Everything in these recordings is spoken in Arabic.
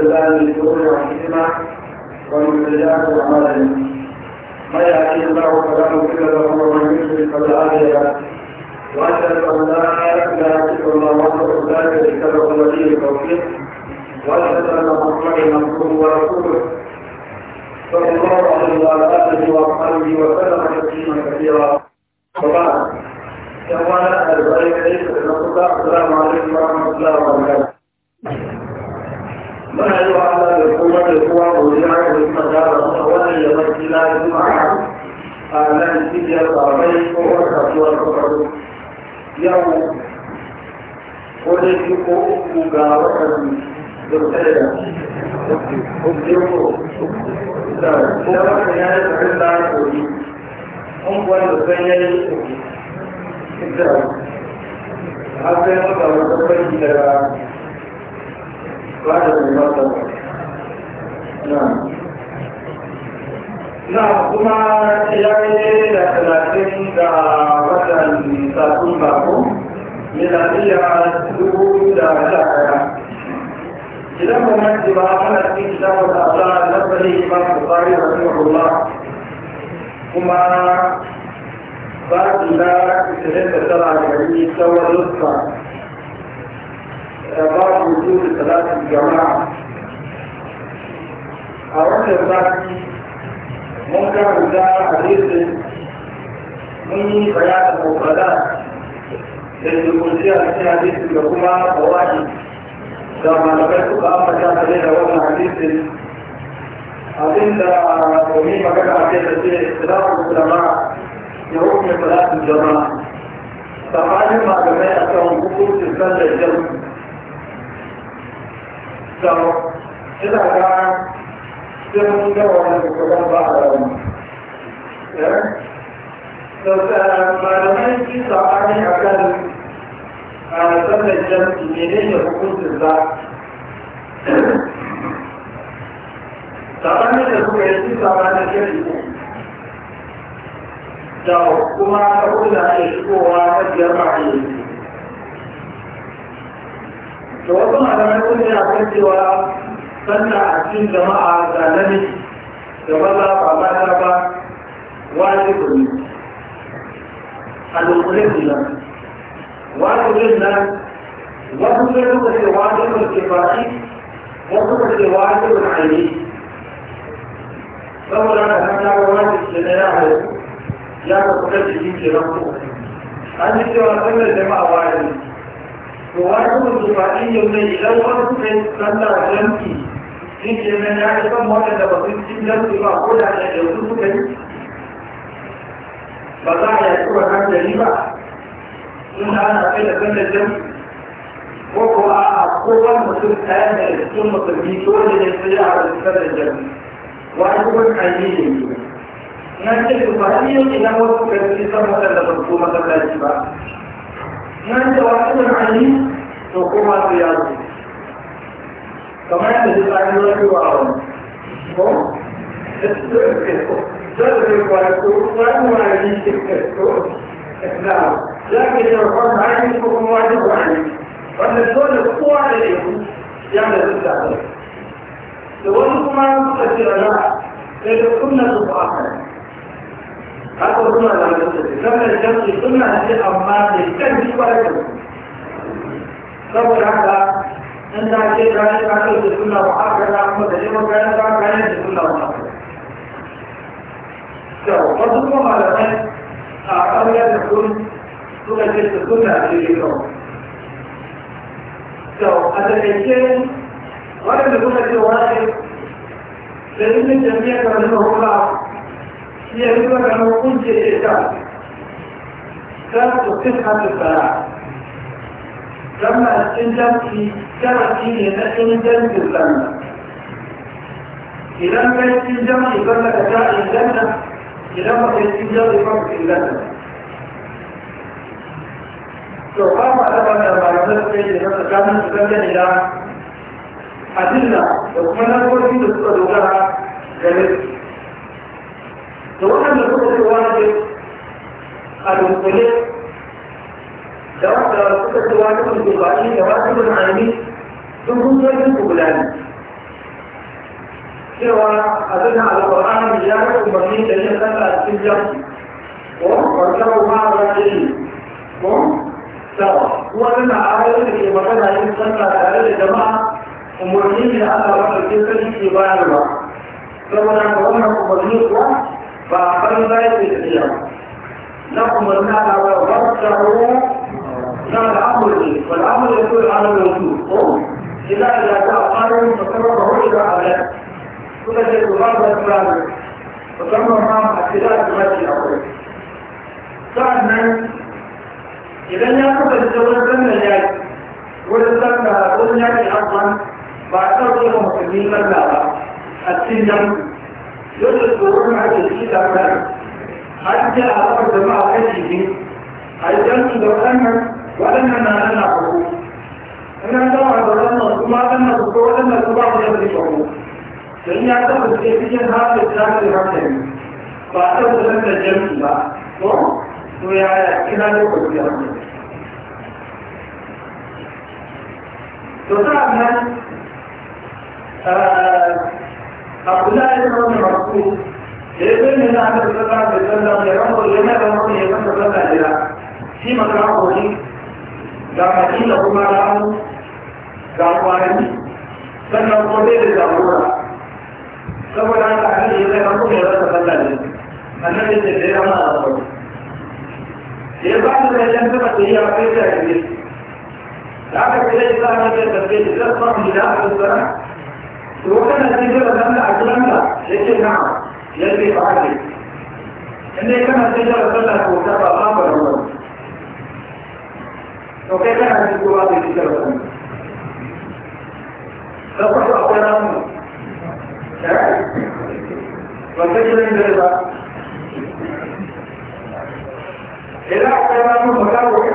لله من شرور انفسنا ومن سيئات اعمالنا ما يهديه الله فلا مضل له ومن يضلل فلا هادي له واشهد ان لا الله وحده لا شريك له ولي التوفيق واشهد ان محمدا ورسوله صلى الله عليه وعلى اله وسلم تسليما كثيرا وبعد كما لا السلام عليكم ورحمه الله وبركاته muna yi wa Allah da kowa da kowa godiya da kuma da rasa wannan ya barci na juma'a a nan cibiyar babai ko wata kasuwar kwaro yau ko da shi ko uku ga watan dokare da da ko wata ya yi tsarin da kori an kuwa da san ya yi da har sai maka wata barci daga بعد المرتبة نعم نعم كما يعني لثلاثين دا وطن تكون معكم ميلادية دور دا شاكرة إذا كنا اتباع أنا في كتاب الأعلى نبني إمام البخاري رحمه الله كما بعد ذلك تجد ترى يعني سوى الأسرة بعض وجود صلاة الجماعة أولا ذاك ممكن وزارة حديث مني بيان المفردات للجمهورية في حديث الحكومة فوائد كما نبيت بأما جاءت لنا وزن حديث abinda domin magana a kai da ce islamun ulama ya hukumin salatin jama'a tsakanin malamai a kan hukuncin sallar jama'a so ina ga sai mun ga wannan kuma ba da wani so malamai shi sa'ani a kan sallar jam'i menene hukuncin za sabanin da suka yi shi sabanin jam'i da kuma saboda ake shigowa ta biyar ba a yi da wasu malamai sun yi akan cewa sanna a cikin jama'a da nami da maza ba mata ba wajibin ne al-muslim nan wajibin nan wasu sai suka ce wajibin kifafi wasu suka ce wajibin aini saboda na kan kawo wajibin da ya haifu ya kafa kashi shi ke rafu an yi cewa sannan jama'a wajibi وأنا وواحد جماعي يومي لو أصبحت صلى جنبي إنك من يعرف مولد بطيب جنبي فأقول على جنبي بضاعة يكون عن جريبة إن أنا أقل أقل الجنبي وهو أقوى مسؤول ثاني ثم تبيتون للسياء على السنة الجنبي وأقوى حيين نحن الفريق إنه كان في صمت لبطومة الواجبة ما انت واحد عليه تقوم على الرياضي كمان تجد عن الله وعلم هو تدرك ويكون فهم عليك نعم لكن الرقم عليك يكون واجب عليك وأن الدول عليهم يعمل التعليم لو أنكم ما تقدر لا لأن كنا تضعفنا haka suna da lantarki sannan jamsi suna ce amma da kan ji kwarai da saboda haka in ta ce ta ce ta ce da suna ba haka na kuma da neman kayan ta kayan da suna ba haka to wasu kuma malamai a ƙarfiyar da sun suka ce su suna ce da yau to a taƙaice waɗanda suka ce wani sai yin jami'a kamar da hukula يعرفون أنه كنت الإعتاب كانت صحة الصلاة لما استنجم في كرسي نستنجم في الجنة إذا ما استنجم يبلغ داء الجنة إذا ما استنجم يفرق الجنة فقام أبدا ما يملك في كانت تبدا إلى أدلة وكما نقول في دكتور لغة da waɗanda suka ce wajib a dunkule da waɗanda suka ce wajibin dubaɗi da wajibin aini duk hujjojin su guda ne cewa abin da alƙur'ani ya yi umarni da yin sallah a cikin jamfi ko kwarkar ma a wajen ko sawa waɗanda ayoyin da ke magana yin sallah tare da jama'a umarni ne da aka wata cikin sarki ke bayarwa saboda ga wannan umarni kuwa فأقل ذلك الإسلام لكم المعنى وابتعوا نعم الأمر والأمر على الوجود إلا إذا تأخروا فقربه إلى أبناء كل شيء غاب أسبابه وتم معهم اختلاف ماشي أقول ثانيا إذا لا تقبل تقول كم مليار ولكن قلنا أصلا بعد ذلك مسلمين كذا السجن يدخلون على الجديد أمام حتى أعرف جماعة كشفه أيضاً بالأمر ولمنا أنا حقوق أنا طبعا ظلمنا ثم أنا بقوة لنا تبعض يبني حقوق فإن أعتقد كيفية هذا الإسلام للحكم فأعتقد لنا الجمع بقى ويعني كنا نقول في أمر وطبعا Abdullahi ya zama masu da ya zai nuna aka fi tsaka da sallah mai ranko ya mai ranko ya da sallah jira shi magana kori ga maki da kuma ramu ga kwanani sannan kuma bai da zamura saboda haka an yi zai ranko ya kasa da jira annabi da ya rama a zaura ya ba da yan zama da a kai da ake da aka fi zai sa ne da tafiye da zai samu gida a وكان الزجرة تمنع الكلام لكن نعم يلبي بعدي إن كان الزجرة تمنع وكذا الأمر هو وكيف كان الزجرة تمنع لقد أقرأنا وكذا الزجرة إذا أقرأنا مكاوح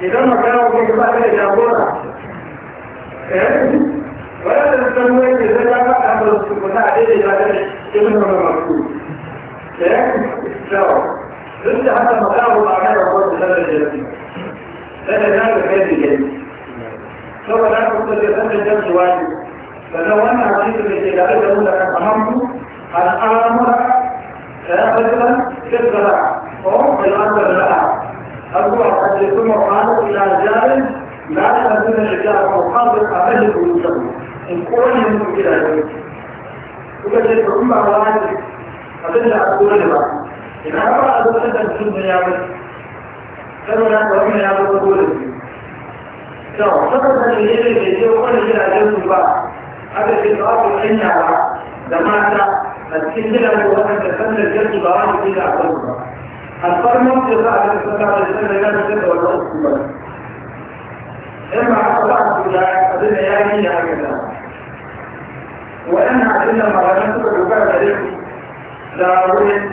إذا مكاوح يبقى لجابورة إيه ولا تستمعون إذا لا أحد يستمعون عليه إذا كان ابن المرسول لأن حتى مقاله بعدها ربط هذا الجلسين هذا ذلك هذه الجلسة سوى لا تستطيع أن الجلس واجب فلو أنا عزيز من الجلسة أقول لك ne da ke ce wani jiragen su ba aka ce ba ku ɗan yara da mata a cikin jiragen waɗanda sandar jirgi ba wani ke da akwai ba alfarmar da za a ga sanda da sanda ya fi da wannan su ba in ba haka ba su da abin da ya yi ya haka da waɗannan abin da malamai suka dogara da su da wurin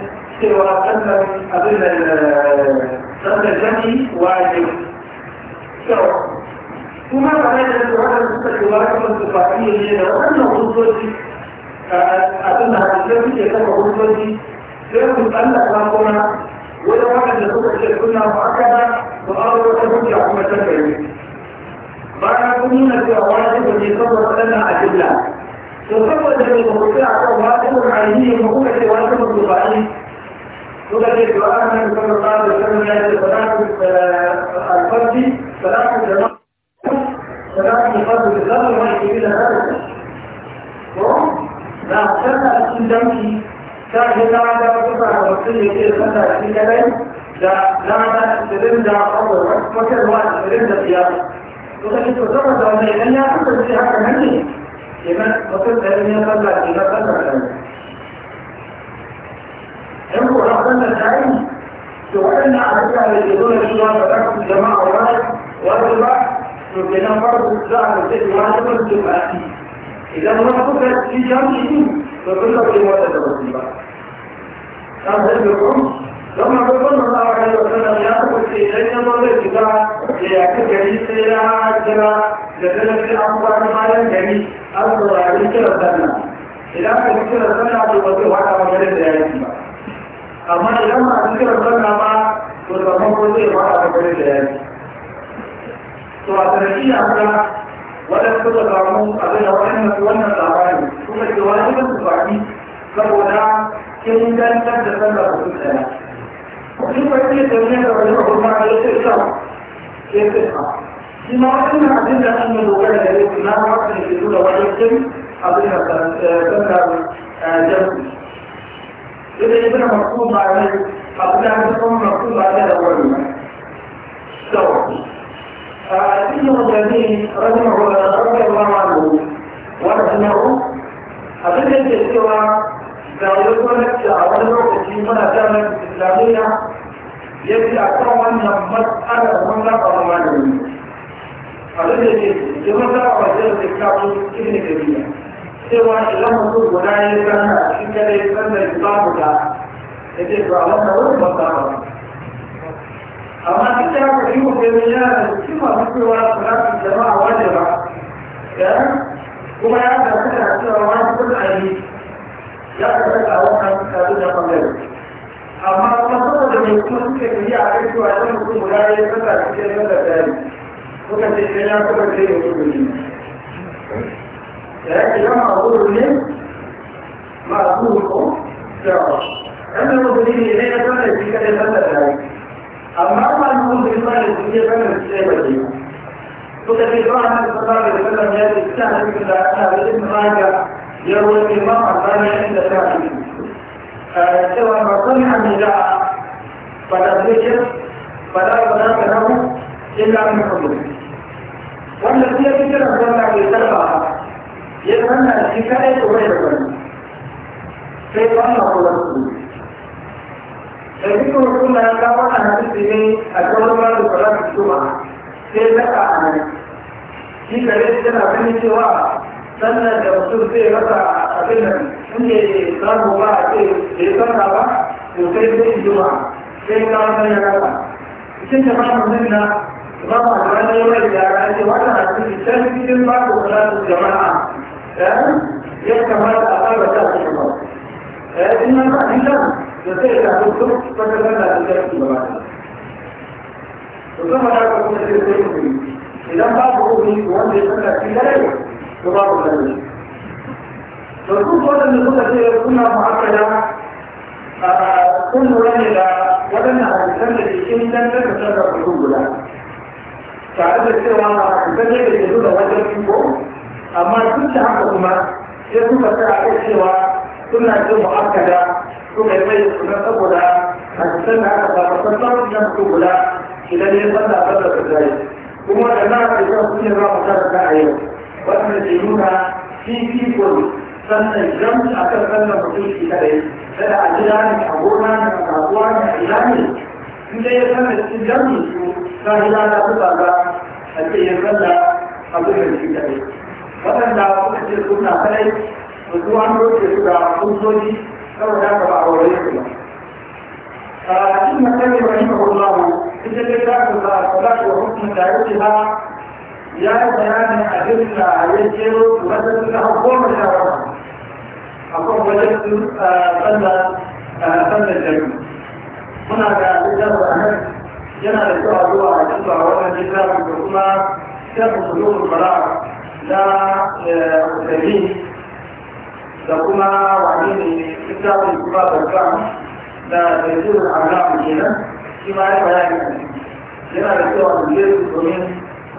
cewa sannan abin da sandar jirgi wajibi kuma kamar da su haka suka ce ba kuma su faɗi ne da wannan hujjoji abin da hadisai suke saka hujjoji sai ku tsallaka kuma wani waɗanda suka ce suna ma'akada ba a wata hujja kuma ta gari bayan kun nuna cewa wajibi ne saboda waɗannan adilla to saboda ne ba ku ce a kan wajibin ainihi ba kuka ce wajibin su faɗi kuka ce to an nan sallallahu alaihi wasallam ya ce salatu al-fardi salatu jama'a فبعد يقدم الدم وما يجيب لها هذا لا تسمع اسم دمك كان يتعدى قطع وصلي كده تسمع اسم كلام لا لا تسلم ده أول وكذا واحد تسلم ده فيها وتجد تسمع ده ولا يقل لا أنت في حاجة مني لمن وصلت لأن يطلع إلى قدر كلام انظر رحمة العين تقلنا على فعل الجدول الشيوخ فتحكم جماعة واحد وأرجو فبنا فرض الزعر الزيت وعلى من تبقى فيه إذا ما فكرت في جانبه فكل ما تتوسيبا كان هل يقول لما قلنا الله عليه وسلم يا أبو الشيخين يقول الكتاب ليأكل جميل سيلا جرا لكن في أمطار مالا جميل أرض عليك رسلنا إذا كنت رسلنا تبقى وعلى مجرد ذلك أما إذا ما أذكر رسلنا ما تبقى مجرد ذلك to a sanadiyya haka waɗanda suka samu abin da waɗannan wannan labarin suka ce wajibin su baki saboda ingantar da sallar mutum ɗaya. Mutum ba ce da ne da wani abu ma ya ce sa ke ce sa. Shi ma waɗannan abin da an yi dogara da yau na wasu ne ke tura wajibin abin da sallar jamsu. Yadda ya zama mafi ba ne abu da ya zama mafi ba ne da wani. Sawa. فابنه الذي رجمه رضي الله عنه ورحمه أبدا السوى da ya kwanarci a wani lokaci muna damar islamiyya ya fi a kan wannan matsalar mun zaɓa wa malami abin da ke jimin zaɓa wa zai da kafin cikin da biya cewa idan mutum guda ya zanna a cikin kada ya zanna ya babu da ya ce ba wannan wani ban zaɓa أما كنت أقول لكم بالمجال كما ذكروا صلاة الجماعة واجبة وما يعرف أن أكثر ما يقول عليه لا تتبع وقت كابين قبل أما قصة لما يكون في هي عليك وعلم يكون ملاية فتاة كثير من ذلك وكانت الإنسان كما كثير يقول لكن لما أقول لهم ما أقوله لا أما المدينين إلينا فلا يمكن أن يتبع ذلك أما ما نقول بالإطلاع الذكية فمن الكتابة دي فكذلك رحمة صلى الله عليه وسلم يأتي السهل من أنها بإذن راجع يروي الإمام الثاني عند شاهده سواء ما سمع النداء فلا ذكر فلا يبلغ له إلا من حضوره والذي يذكر أن في يتمنى الحكاية غير ذلك كيف أنه رسول الذكر كنا نقرأ أنا تسلمي الدولة لصلاة الجمعة sai raka a nan shi kare tana ganin cewa sannan da mutum zai raka a abin nan inda ya samu ba a ce da ya sanna ba to sai zai juma sai ka wannan ya raka cikin da mamu nan na ba ma da wani yawai da ya ce wannan a cikin can cikin ba ko salatu jama'a ya kamata a fara ta shi ba eh ina ba ni nan da sai ta zo duk wata zanna da ta yi gaba da to zama da ka kuma sai sai ku idan babu ruhi wanda ya tsaka shi da rai to babu zanna to duk waɗanda suka ce suna mu'akkada kun lura ne da waɗannan hadisan da ke cikin dangar da sarrafa guda tare da cewa ba a kusa ne da ke nuna wajen fiko amma duk da haka kuma sai suka sa a kai cewa suna ce mu'akkada suka yi mai suna saboda hadisan da aka samu sassan na mutum guda idan ya falla falla da zai kuma da na hadisan su ne za mu karanta a yau wannan ke nuna fifikon sannan jamci a kan sannan mutum shi kadai kada a gida ne a gona ne a kasuwa ne a ina ne in dai ya sanna cikin jamci su ta gida ta fi tsada a ce ya sanna abin da shi kadai waɗanda suka ce suna kadai su an roke su da kusoji saboda haka ba a wurare su ba a cikin matsayin rahimahu Allah ita ce za ku za ku za ku hukumu da yake ba ya yi bayanin abin da ya jero wajen su na goma sha bakwai akwai wajen su sallar jami'a muna ga littafin ahad yana da kyau a zuwa a cikin wannan littafin da kuma shafin sulukul bara'a na Usaini da kuma wani ne littafin kuma barka da zaitun al'amu kenan shi ma ya bayani a ciki yana da kyau a duje su domin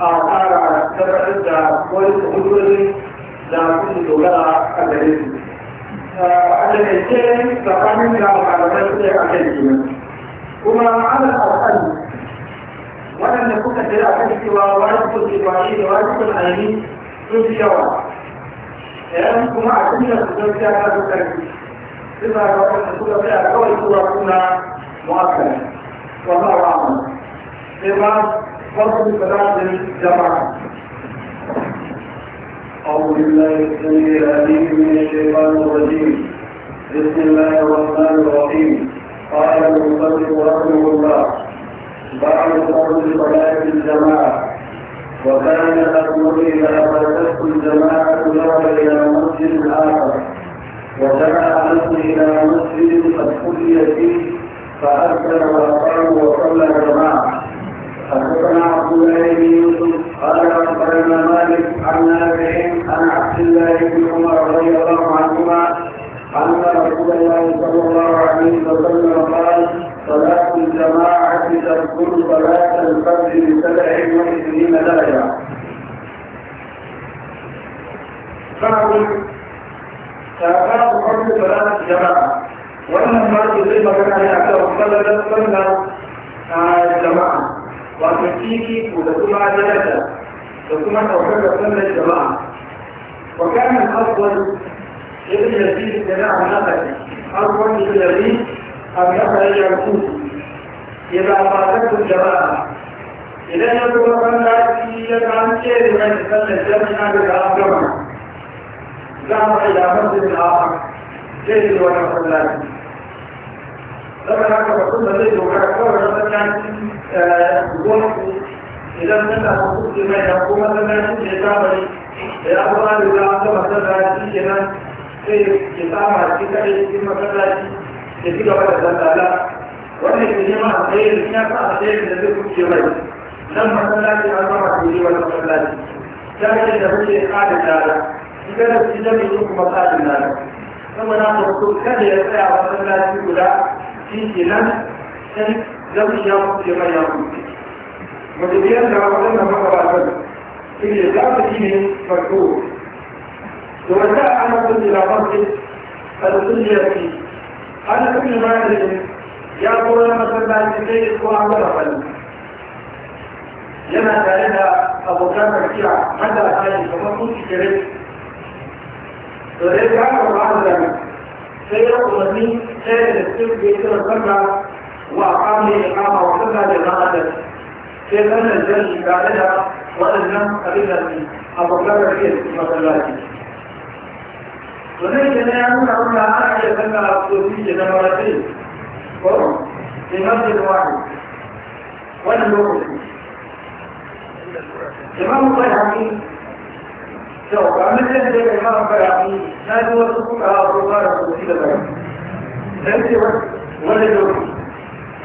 a fara tabbatar da wani hujjoji da kuma dogara a gare su a takaice tsakanin da malamai su ne a kai kenan kuma ana al'adu waɗanda kuka tare a kan cewa wani kusurwa ne da wani kusurwa ne sun fi yawa yayin kuma a cikin su don ta ta zo karfi suna ga wanda suka tsaya kawai zuwa kuna mu'akkali wa ma ra'amu sai ma wasu salatin jama'a أعوذ بالله السميع العليم من الشيطان الرجيم بسم الله الرحمن الرحيم قال المصلي رحمه الله بعد فرض صلاة الجماعة وكان الأمر إذا فاتته الجماعة ذهب إلى مسجد آخر ودعا نفسه إلى مسجد قد خلي فيه فأكثر وأقام وصلى جماعة حدثنا عبد الله بن يوسف قال أخبرنا مالك عن نافع عن عبد الله بن عمر رضي الله عنهما أن رسول الله صلى الله عليه وسلم قال صلاة الجماعة تدخل صلاة الفجر بسبع وعشرين درجة فعل تابعه قبل صلاة الجماعة وأنا مرض زي ما كان عليه أكثر صلى صلى الجماعة وتشيكي وتسمع جلسة تسمع توحيد صلى الجماعة وكان الأفضل ابن يزيد جماعة نفسه أفضل ابن يزيد أن نفسه يعكوه إذا فاتته الجماعة idan ya kuma bandaci ya kan ce da mai sallar jami'a da ta gama za mu kai da masjid al'afa zai yi wani masallaci saboda haka mutum da zai dogara kawai masallaci gwamnati idan sun da hukum ke mai da kuma masallaci ne zamani da ya kuma da za a gama masallaci kenan sai ya sama shi kaɗai cikin masallaci ya ci gaba da zallala wannan ke nema a tsaye da ya sa a tsaye da zai kuke mai لما صلاتي أمر به والمصلاتي كانت شيء حال النار إذا لم تزم يشوف مقال النار ثم ناقص كان يسعى وصلاتي ولا في سنان كان زوج يوم في غيره وتبين له أن مرة في الإسلام دين مكروه ومتى أنا كنت إلى مسجد فتصلي فيه أنا كل ما أدري يا قول مثلا كيف وأعمل فيه لما قالها أبو كامل فيها حدا ثاني فما كنت كريت أبو كان الله لنا سيرق مني سيد السيد بيتر الزمع وأقام إقامة وكذا لغادة سيد أن الزمع قالها وأذنم قبلها لي أبو كامل فيها في مدلاتي ونحن نعلم أن الله أعلى يتنى أبسوسي جنمراتي قرم في مسجد واحد ونحن نعلم الإمام البيهقي شوف عمل ذلك الإمام البيهقي هذا هو سقوط على الرمار الوسيلة البيهقي ثالث إيه؟ بس ولا لوحي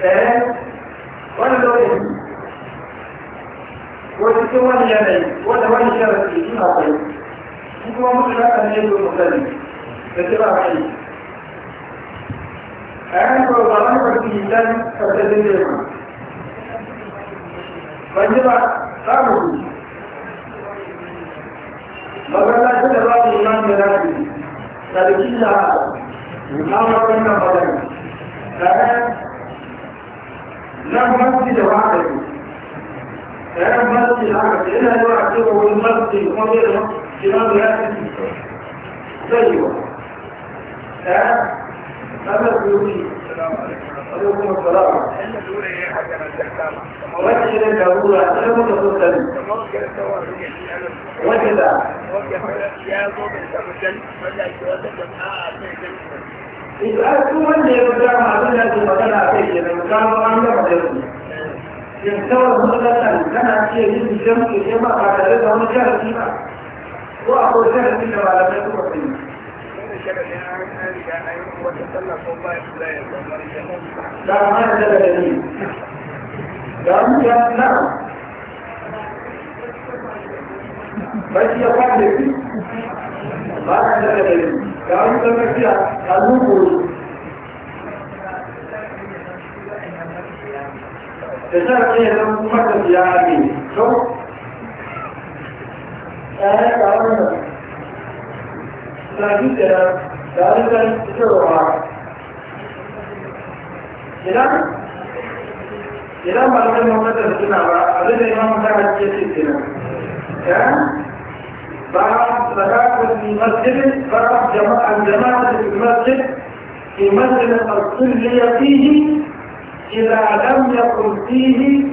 ثالث ولا لوحي والسوان اليمين والدوان الشرفي فيما طيب هو مطلق أن يجب المسلم باتباع حديث أعلم فوضعنا في الإنسان فتدل لهم فانجبع samu magana da ba mu nan da rafi sarki da amma wannan magana kaga nan masjid da waka ne kaga masjid da waka yana da waka ko wani masjid kuma bai da kina da ya ci sai yo kaga sabbi عليكم السلام وجه الضرورة لم تكن وجه لا إذا أكون من يرجع مع بلاد المكان عليه لو كانوا أن يقدروا يمتوى المدلة كان في يجب الجمع كما قال لدى هنا جاهل فيها وأقول جاهل فيها على ما يكون فيها لا هذا دليل لأنك نعم بس يقلب ما هذا دليل لأنك نفسها النقل تشارك هي لم تمكن في عالمين شوف أنا أعلم فهذه ذلك الشرع إذا إذا ما لم يمت الجنابة أبدا إمام مجاهد كيف كان بعض صلاة في مسجد بعض جماعة في المسجد في مسجد الصلية فيه إذا لم يكن فيه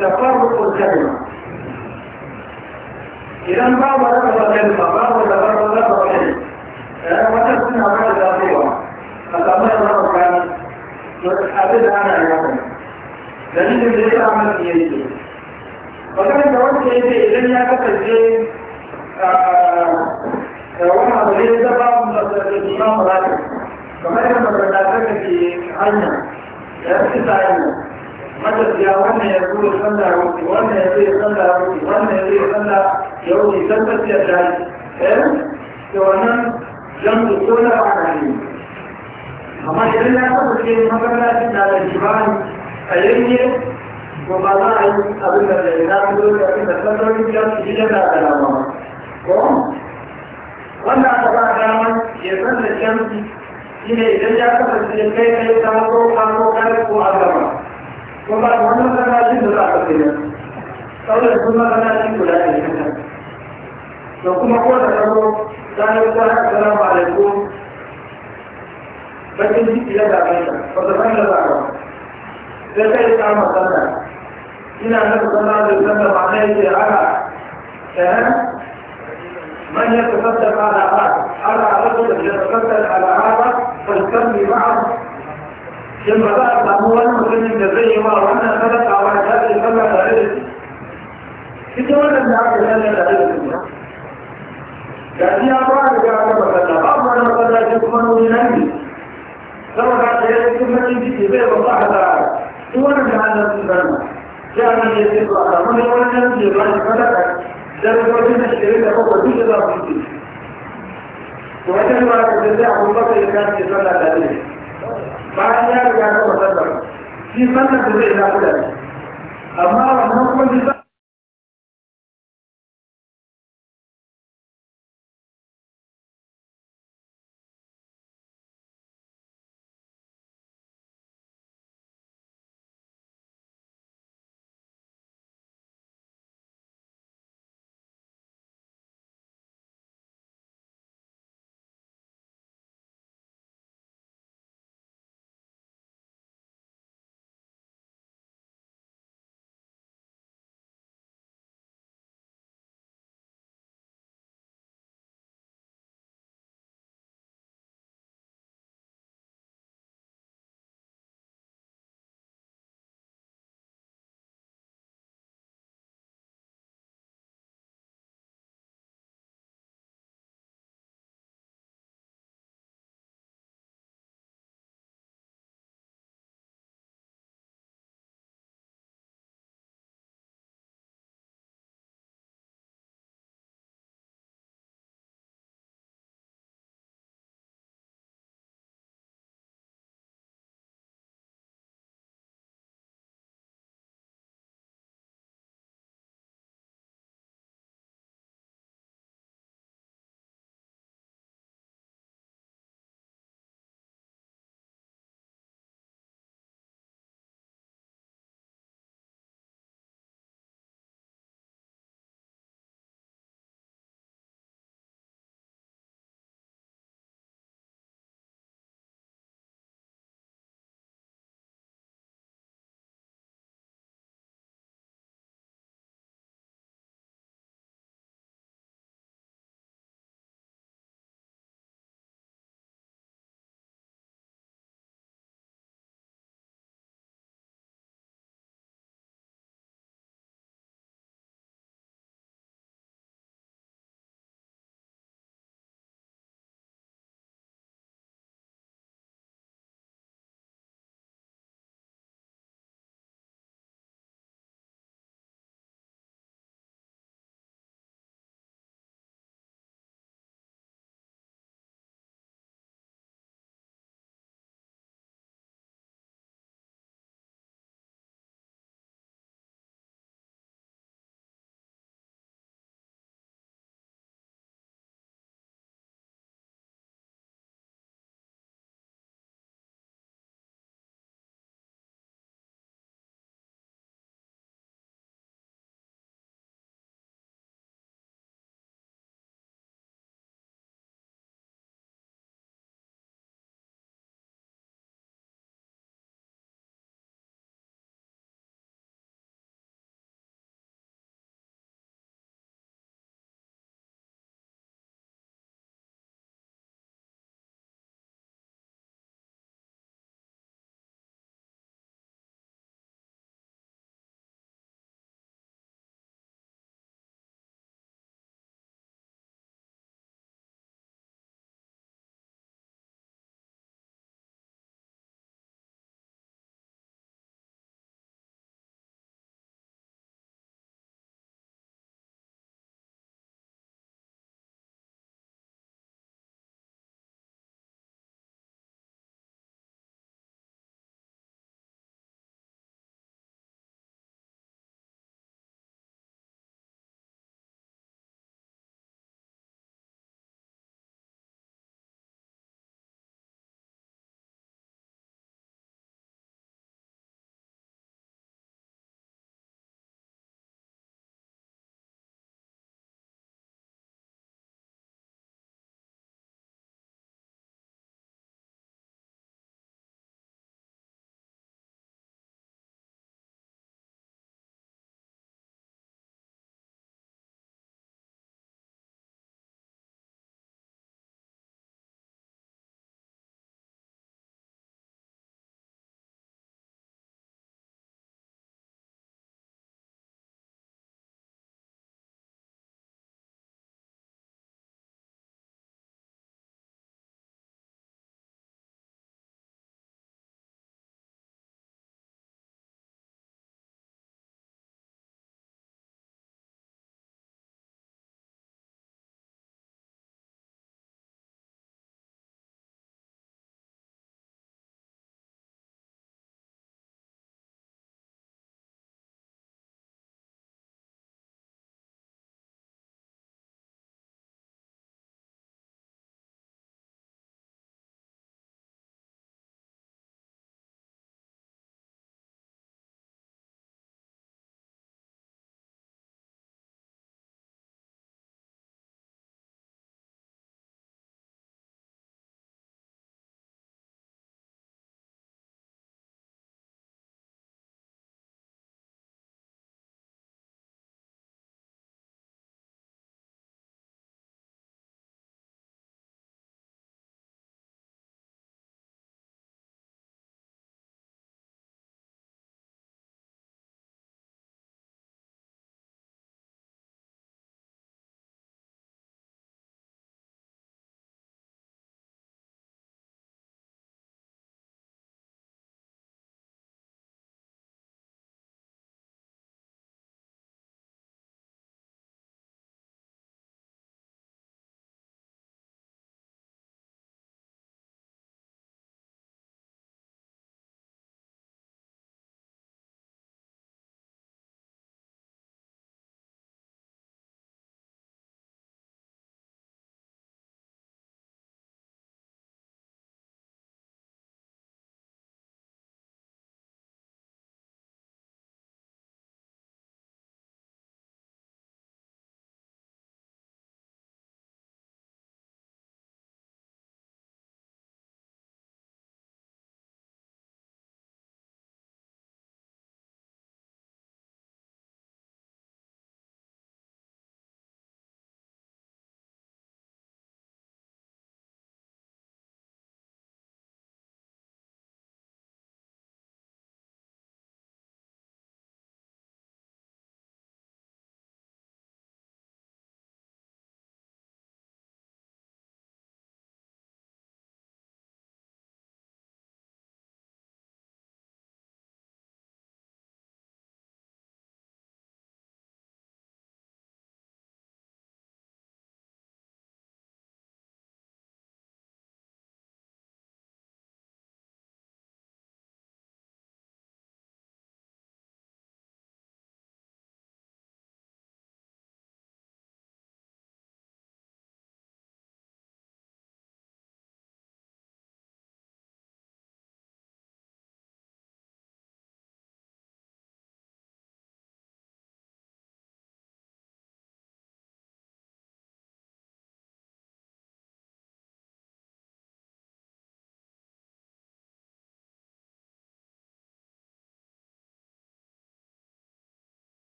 تفرق الكلمة إذا بعض رفض الكلمة بعض رفض wata suna mara zafewa a samu da mara kwani abin da ana yawon dalilin da ya sa mafi yake wajen da wanda ya ce idan ya kasance da wani abu ne ya zaba da imam rafi kamar yadda mabarata ta ke hanya ya fi ta hanya matasiya wannan ya zo sallah wuce wannan ya zo sallah wuce wannan ya zo sallah ya wuce tabbaciyar da ya ce wannan don su tona ba ne amma idan ya kasance makarantun na da jibani a yanke ko ba za a yi abin da da ina su zo da abin da sassanin jan su gidan da aka dama ko wanda aka ba dama ya san da jan shi ne idan ya kasance kai kai ta ko ka ko kai ko a gaba ko ba wannan makarantun da za a kasance saboda kuma makarantun guda ne da kuma ko da rago قالوا لها السلام عليكم لكن جئت إلى بعضنا فتفهم بعضنا لكي تعمل صنع إلى أن صلى الله عليه وسلم عليه أه؟ على من يتصدق على هذا على رجل يتصدق على هذا فالكم معه لما بقى هو المسلم الذي ما وانا خلق على هذه الخلق غير في جوانا من أن الله هذا يجب gaji ya fara ga aka masalla babu wani masallaci kuma nuni na ne sama ka ta yi cikin mafi jiki zai ba ba a tsara su wannan da hannun sun zama sai a nan ya ce ba a samu ne wani nan ke ba shi sadaka dan wani na shirin da kuma duk da za ku ce to wajen ba ka zai abubakar ya kace sallah da ne bayan ya riga ka masalla shi sallah da zai na kula amma wannan kuma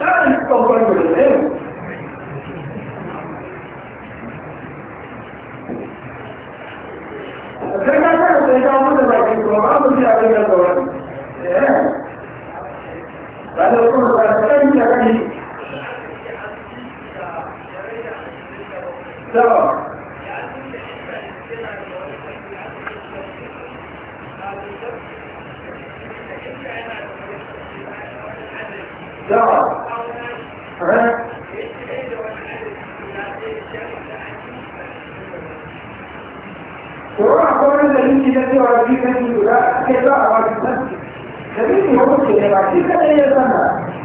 لا أنت رجل فكما كانت إذا عمد رأيك وعمد في عبد الله فأنا أقول فأستنت به سواء Yeah. وراح قول الذي الذي يعرفك من لا كذا عرفت الذي هو كذا عرفت كذا يسمى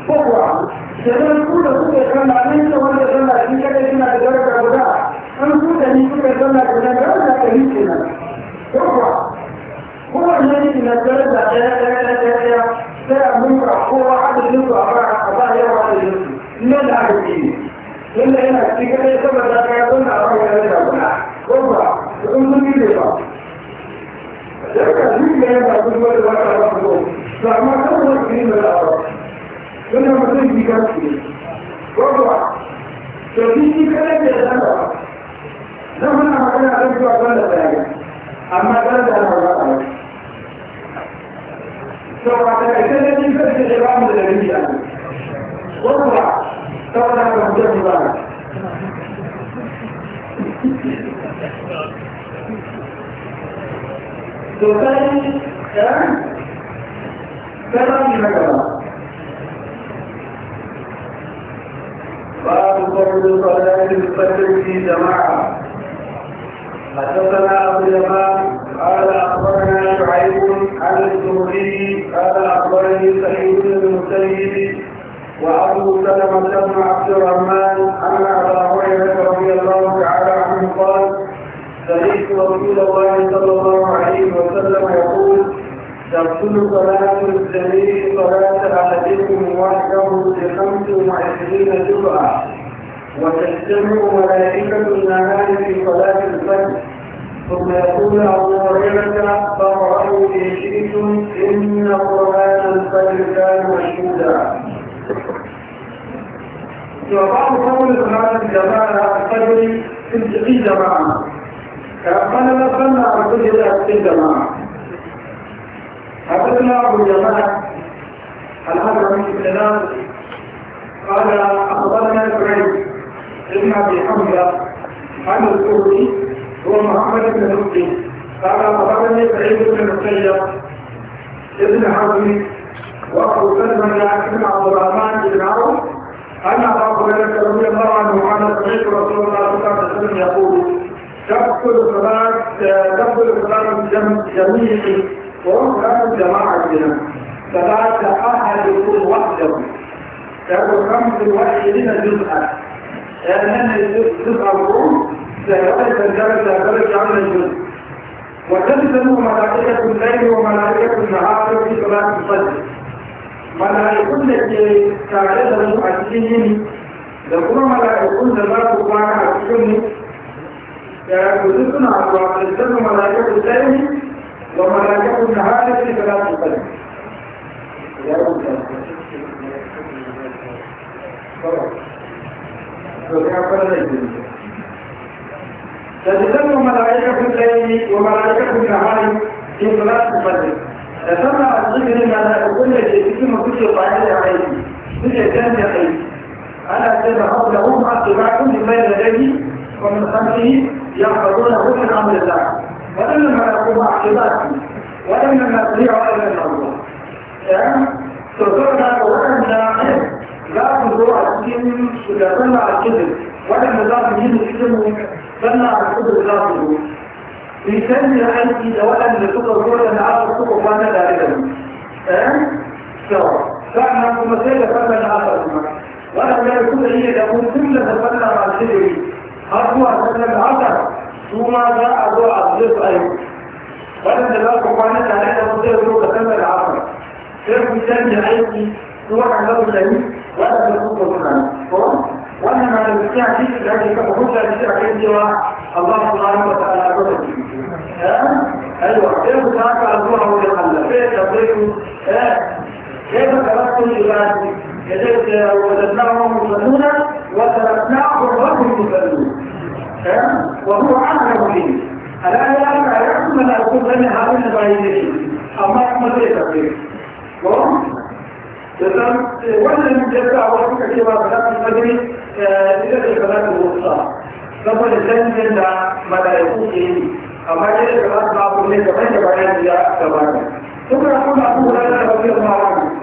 هو جدول كل هو يسمى عليه هو يسمى عليه كذا يسمى بدرجة كذا أنا كنت أني كنت يسمى كذا لا كذا يسمى هو هو الذي يسمى كما ذكرتم أراه إلى ذلك أخرى تقوم بالبيضة ذلك جيد لما تقول لك ربكم فما تقول فيه من الأرض كنا مثل بكثير وضع ففيه كلام يتنبع نحن أمكنا أرجع كل ذلك أما كانت أنا رأيك سوف أتكلم في الإمام الذي وضع سوف أتكلم تكلم كلام كلام من الكلام باب صلاة الفجر في جماعة حدثنا أبو اليمان قال أخبرنا شعيب عن الزهري قال أخبرني سعيد بن المسيب وأبو سلمة بن عبد الرحمن أن أبا هريرة رضي الله تعالى عنه قال سمعت رسول الله صلى الله عليه وسلم يقول تبطل صلاة الجليل صلاة أحدكم وحده بخمس وعشرين جرعة وتجتمع ملائكة النهار في صلاة الفجر ثم يقول أبو هريرة فقرأوا إن شئتم إن قرآن الفجر كان مشهودا وبعض قول هذا الجماعة الفجر في الجماعة كان لقنا عن كل ذلك الجماعة حدثنا أبو الجماعة الحضر من الناس قال أخبرنا سعيد ابن أبي حمزة عن الكردي هو محمد بن لطفي قال أخبرني سعيد بن مسيب ابن حزم وأبو سلمة ابن عبد الرحمن بن عوف أن أبا هريرة رضي الله عنه قال سمعت رسول الله صلى الله عليه وسلم يقول تدخل صلاة تقتل صلاة جميع وصلاة جماعتنا صلاة أحدكم وحده تقول خمس وعشرين جزءا لأن يعني الجزء الروم سيرتك الجلسة درجة عن الجزء وتلزم ملائكة الليل وملائكة النهار في صلاة الفجر ملائكة التي تعرض المؤسسين da kuma mala'ikun da za su kwana يقول سنة ملائكة الليل وملائكة النهار في صلاة القلب تلزم ملائكة الليل وملائكة النهار في صلاة القلب تسمى الذكر ملائكة كل شيء في مكتب طائر عليه كل شيء كان يقين أنا أتبع حوله مع اتباع كل ما لديه ومن خلفه يحفظونه من امر الله وانما يقوم عقباته وانما تضيع الى الله فكنا وكنا لا تنظر على الدين اذا كنا على الكذب ولا نظام على الكذب كنا على الكذب لا تنظر في سن حيث اذا ولا نتوقع ولا نعرف الكذب وانا لا اعلم فاحنا كما سيدنا فمن عرف ولا يكون هي لهم كل تفلى على الكذب har zuwa sannan haka su ma za a zo a zai su aiki waɗanda za ku kwana tare da wasu zai zo ka sannan haka sai ku canja aiki su waɗanda su gani waɗanda su ka suna ko wannan na da gaskiya shi da ake kafa hujja da shi a kan cewa Allah subhanahu wa ta'ala ya kafa shi ايوه كيف تعرف الزهر والقلب كيف تبرئ كيف تركت الى كذلك وجدناهم مفلون وتركناهم ربهم مفلون وهو عمله به الا يعلم ايعكم من اقول لنا هذه البعيدين اما ما ليس فيه تمام وانا من جدع وحكى كما بلاك المدري الى الخلاف الوسطى ثم الانسان من لا ما لا يكون فيه اما الى الخلاف بعض الناس فانت بعيد الى اكثر ثم يقول اقول لنا رضي الله عنه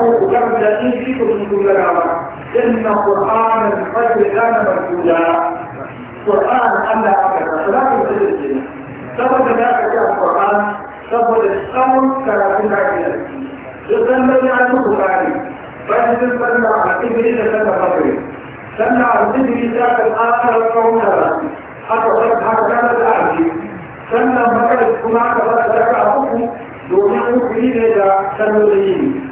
أو قبل إنسكم من إن قرآن الفجر كان مكتولا قرآن ألا أكثر فلا يمكن الجنة سبب ذلك جاء القرآن سبب الأمر كرافين عجلة يسمى يعني البخاري فجد صلى على إبريل سنة فجر سنة على إبريل ذاك الآخر وقوم هذا حتى حكام الأعجيب سنة مكرت كما كفت ذاك أبوه domin rukuni ne da sallolin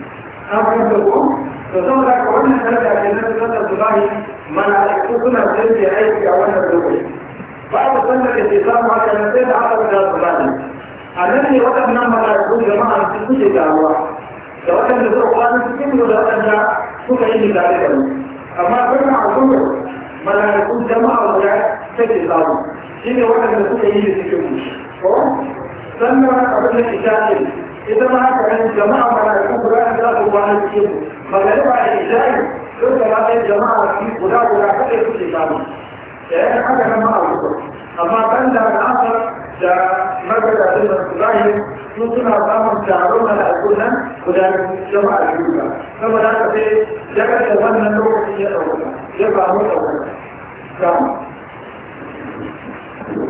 أمر لكم فصور لك وانا ترجع جنات الله الله من على كتبنا ترجع أيك وانا بلوكي بعد سنة الإسلام على نسيت عقب إلى الظلال أنني وقت نعم على كل جماعة في كل دعوة سواء كان نزور قوانا في كل دعوة أن كل إلي ذلك أما كنا عصور من على كل جماعة ولا تجد دعوة شيني وقت نزور إلي في كل sannan abin da ita ce إذا ما كان الجماعة ملائكة قرآن لا قرآن الشيخ فغلب على الإجابة كنت لا الجماعة في قرآن ولا كل كل إجابة لأن هذا ما أعرفه أما كان لها الآخر مركز أسلم الإبراهيم يمكن أرقام تعرون على أكونا وذلك جماعة الجماعة كما لا تفعل جاءت تظن أنه يبقى هو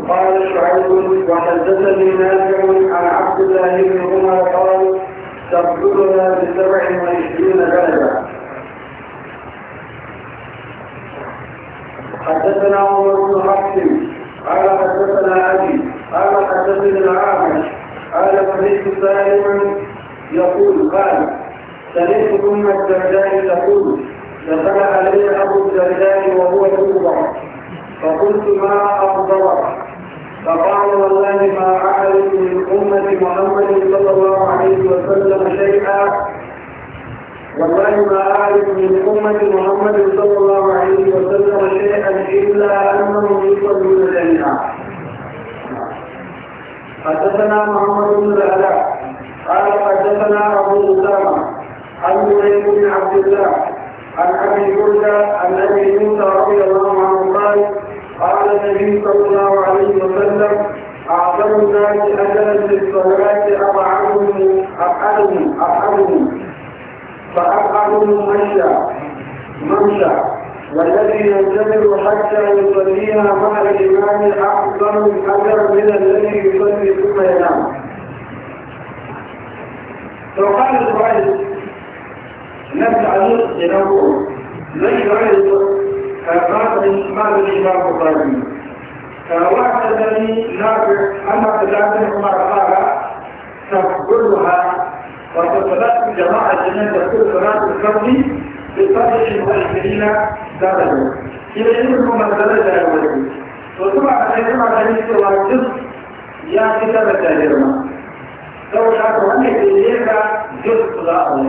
قال شعيب وحدثني نافع عن عبد الله بن عمر قال تقتلنا بسبع وعشرين بلدا حدثنا عمر بن حفص قال حدثنا ابي قال حدثني العامش قال سمعت سالما يقول قال سمعت ام الدرداء تقول دخل علي ابو الدرداء وهو يوضع فقلت ما أفضلك فقال والله ما أعرف من أمة محمد صلى الله عليه وسلم شيئا والله ما أعرف من أمة محمد صلى الله عليه وسلم شيئا إلا أنهم يصلون جميعا حدثنا محمد بن الأعلى قال حدثنا أبو أسامة عن بن عبد الله عن أبي يوسف عن أبي يوسف رضي الله عنه قال قال النبي صلى الله عليه وسلم أعظم الناس أجلا الصلاة أبعدهم احدهم احدهم فأبعدهم مشى ممشى والذي ينتظر حتى يصليها مع الإمام أعظم أجر من الذي يصلي ثم ينام فقال الرجل نفس عزيز لنقول ليس رجل ماذا الإمام البخاري وحدثني نافع أن عبد الله بن عمر قال تقبلها وتصلاة جماعة جنة تقول صلاة الفرد بفضل المؤمنين دارهم إلى إنهم من ذلك يومين وطبعا سيجمع ذلك واجب يا كتاب التهيرما لو شاكوا أنك إليك جزء صلاة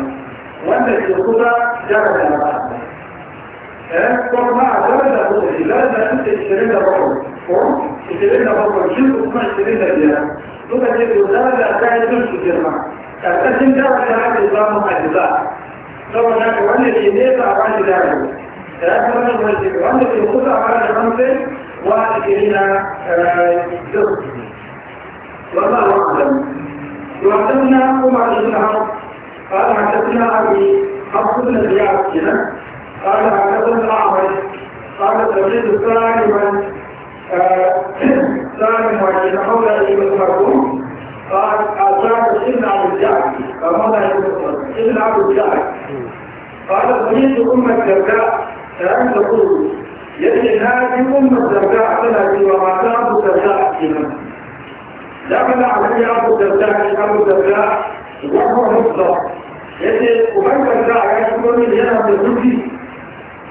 وأنك تقول جرد الأمام طب مع درجة بطري لازم انت اشترينا بطري فهم اشترينا بطري شو اسمع اشترينا بيها لما تجي ودرجة هتلاقي تمشي جرمع القسم ده ولا حاجة نظام محددات طبعا انا كمان اللي ليه عملت ده لكن انا مهندس وانا في الخطة على الخمسة وكلنا جزء والله اعلم وعدمنا وما عدمنا قال حدثنا ابي حفظ بن زياد كده قال حدثنا الأعمش قال سمعت سالما آه، سالما إن مولى بن مسعود قال أتاك ابن عبد الجعد فمولى ابن عبد الجعد قال سمعت أم الدرداء كان تقول يجي هذه أم الدرداء التي وما أبو الدرداء فيها دخل علي أبو الدرداء أبو الدرداء وهو مصدر يجي أبو الدرداء يشكرني لأنه بالذكي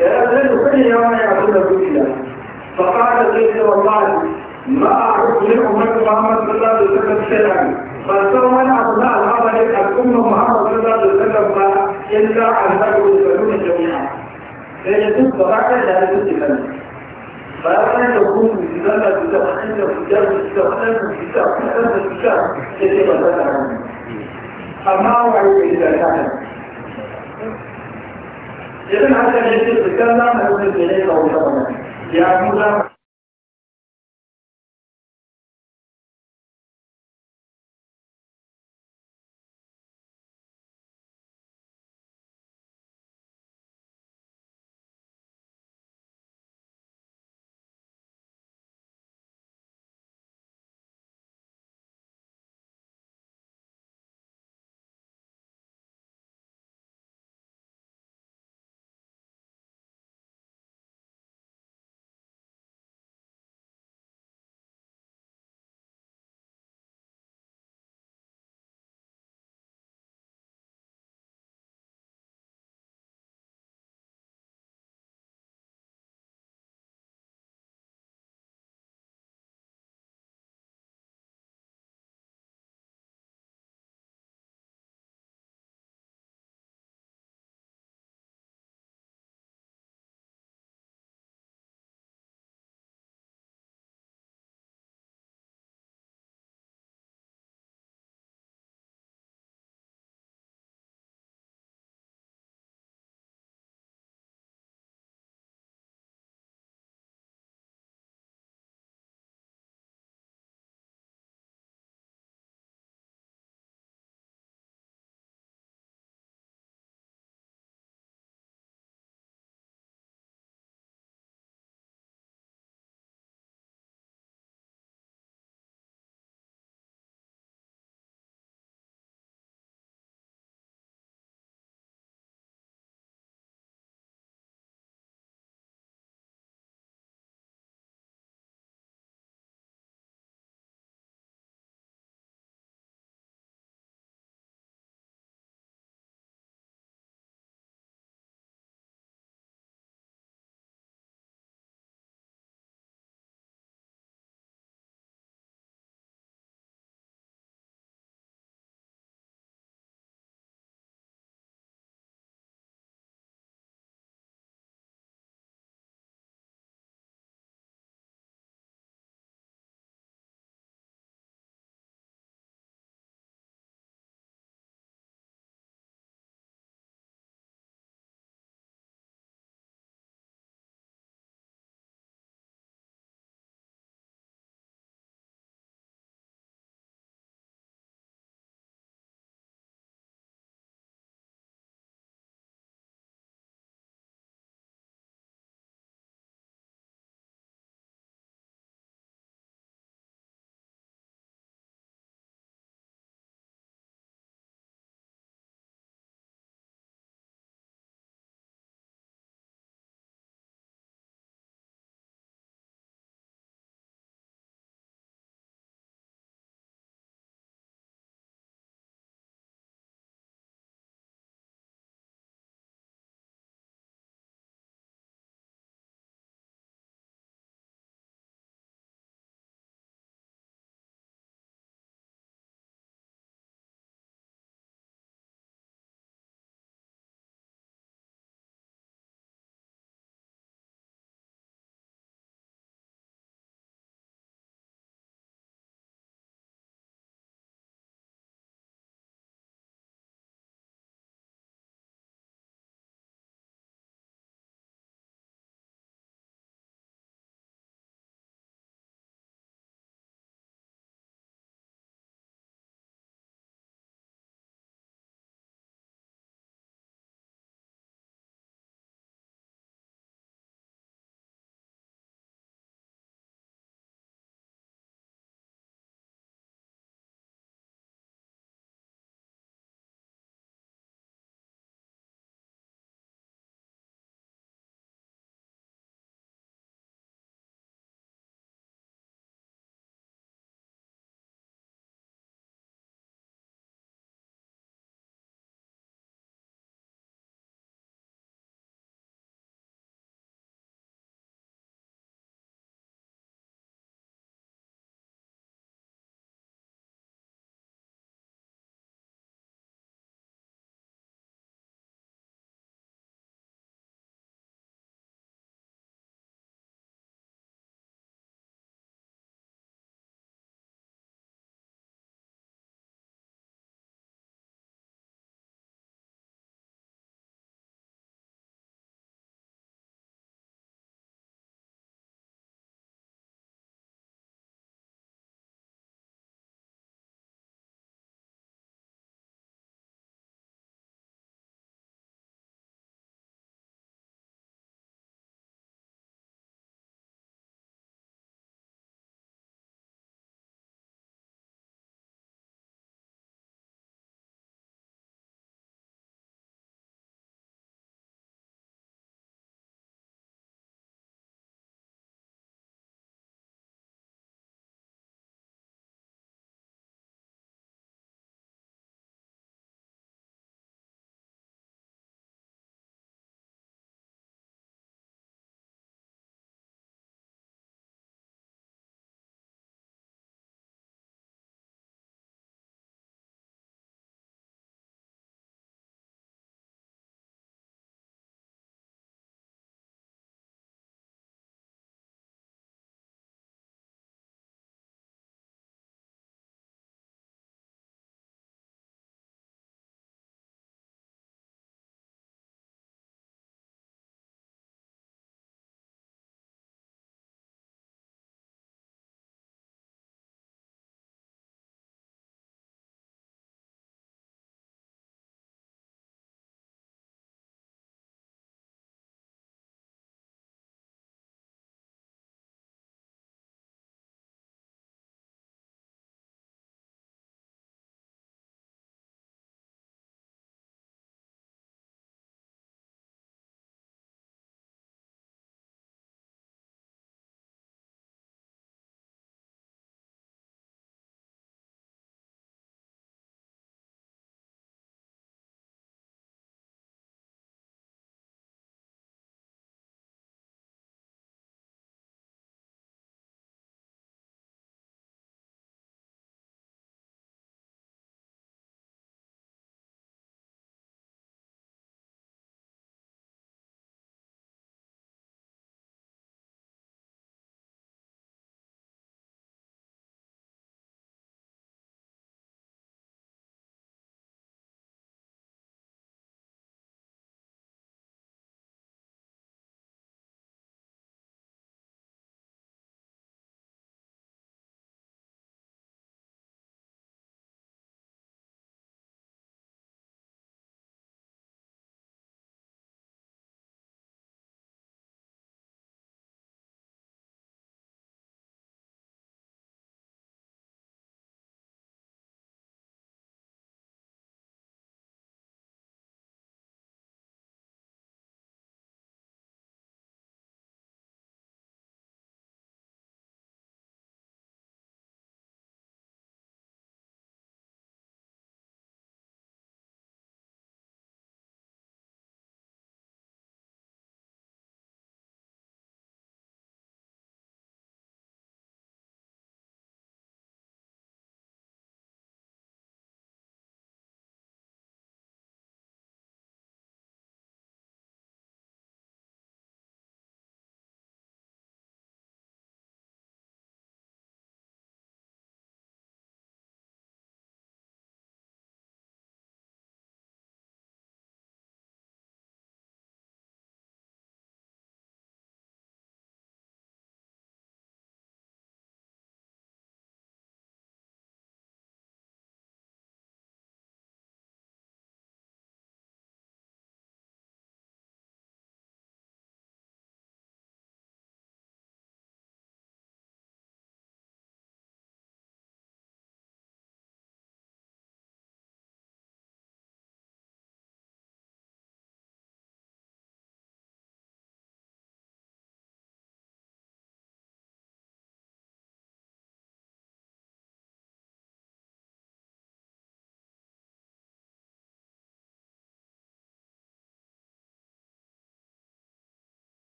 لن أخلي وما يعبد إلا فقال زيد والله ما أعرف منكم من محمد صلى الله عليه وسلم شيئا فسوى أن أبناء العمل الأمة محمد صلى الله عليه وسلم إلا أن تكون يسألون جميعا فيجب فقط لا يجب فلا يكون لما تتخلف الكتاب تتخلف الكتاب تتخلف الكتاب كتب لنا أما هو عيب إذا كان idan haka ne sai su kan zama da ne ya kawo ya